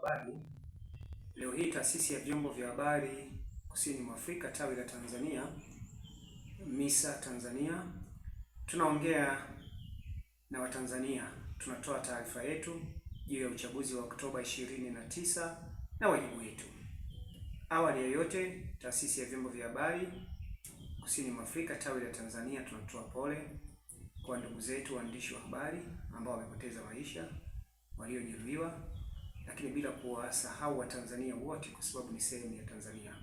Habari. Leo hii taasisi ya vyombo vya habari kusini mwa Afrika tawi la Tanzania MISA Tanzania, tunaongea na Watanzania, tunatoa taarifa yetu juu ya uchaguzi wa Oktoba 29 na wajibu wetu. Awali ya yote, taasisi ya vyombo vya habari kusini mwa Afrika tawi la Tanzania tunatoa pole kwa ndugu zetu waandishi wa habari ambao wamepoteza maisha, waliojeruhiwa lakini bila kuwasahau Watanzania wote kwa sababu ni sehemu ya Tanzania.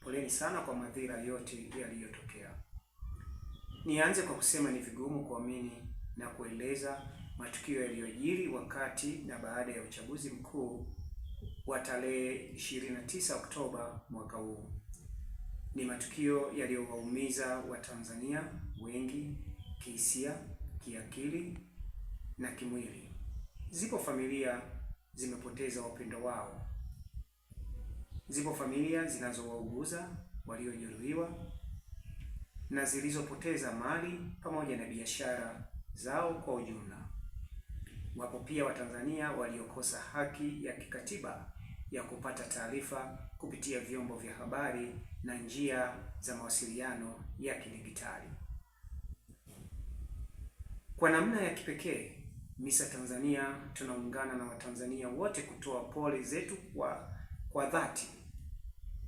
Poleni sana kwa madhira yote yaliyotokea. Nianze kwa kusema ni vigumu kuamini na kueleza matukio yaliyojiri wakati na baada ya uchaguzi mkuu wa tarehe 29 Oktoba mwaka huu. Ni matukio yaliyowaumiza Watanzania wengi kihisia, kiakili na kimwili. Zipo familia zimepoteza wapendo wao. Zipo familia zinazowauguza waliojeruhiwa na zilizopoteza mali pamoja na biashara zao kwa ujumla. Wapo pia Watanzania waliokosa haki ya kikatiba ya kupata taarifa kupitia vyombo vya habari na njia za mawasiliano ya kidigitali. Kwa namna ya kipekee MISA Tanzania tunaungana na Watanzania wote kutoa pole zetu kwa kwa dhati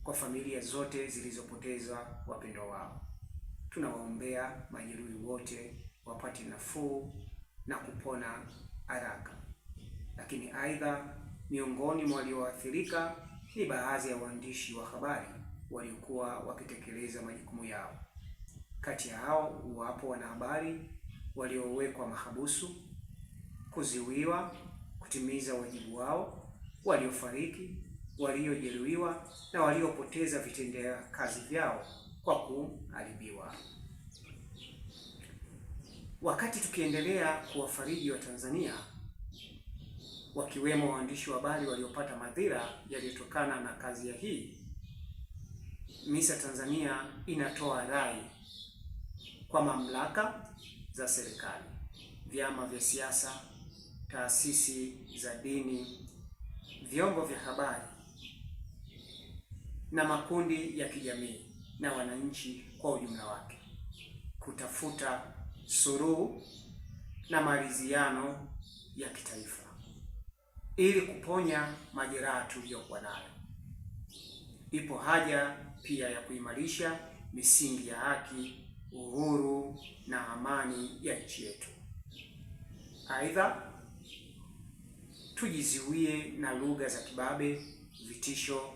kwa familia zote zilizopoteza wapendo wao. Tunawaombea majeruhi wote wapate nafuu na kupona haraka. Lakini aidha, miongoni mwa walioathirika ni baadhi ya waandishi wa habari waliokuwa wakitekeleza majukumu yao. Kati ya hao wapo wanahabari waliowekwa mahabusu kuziwiwa kutimiza wajibu wao, waliofariki, waliojeruhiwa na waliopoteza vitendea kazi vyao kwa kuharibiwa. Wakati tukiendelea kuwafariji wa tanzania wakiwemo waandishi wa habari waliopata madhira yaliyotokana na kazi ya hii, MISA Tanzania inatoa rai kwa mamlaka za serikali, vyama vya siasa taasisi za dini, vyombo vya habari na makundi ya kijamii na wananchi kwa ujumla wake kutafuta suluhu na maridhiano ya kitaifa ili kuponya majeraha tuliyokuwa nayo. Ipo haja pia ya kuimarisha misingi ya haki, uhuru na amani ya nchi yetu. Aidha, tujiziwie na lugha za kibabe, vitisho,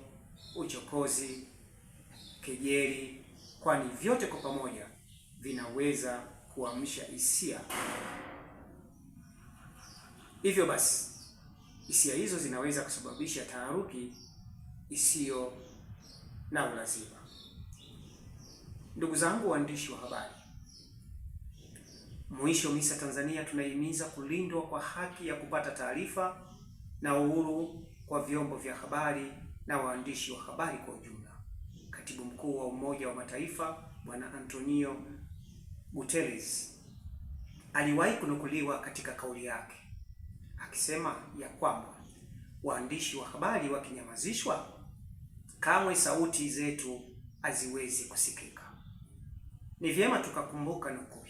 uchokozi, kejeli, kwani vyote kwa pamoja vinaweza kuamsha hisia. Hivyo basi, hisia hizo zinaweza kusababisha taharuki isiyo na ulazima. Ndugu zangu waandishi wa habari Mwisho, MISA Tanzania tunahimiza kulindwa kwa haki ya kupata taarifa na uhuru kwa vyombo vya habari na waandishi wa habari kwa ujumla. Katibu Mkuu wa Umoja wa Mataifa Bwana Antonio Guterres aliwahi kunukuliwa katika kauli yake akisema ya kwamba waandishi wa habari wakinyamazishwa, kamwe sauti zetu haziwezi kusikika. Ni vyema tukakumbuka nukuu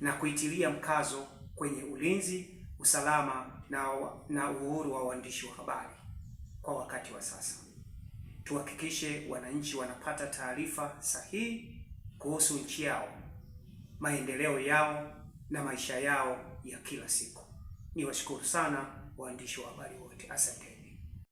na kuitilia mkazo kwenye ulinzi, usalama na, na uhuru wa waandishi wa habari kwa wakati wa sasa. Tuhakikishe wananchi wanapata taarifa sahihi kuhusu nchi yao, maendeleo yao na maisha yao ya kila siku. Niwashukuru sana waandishi wa habari wote, asante.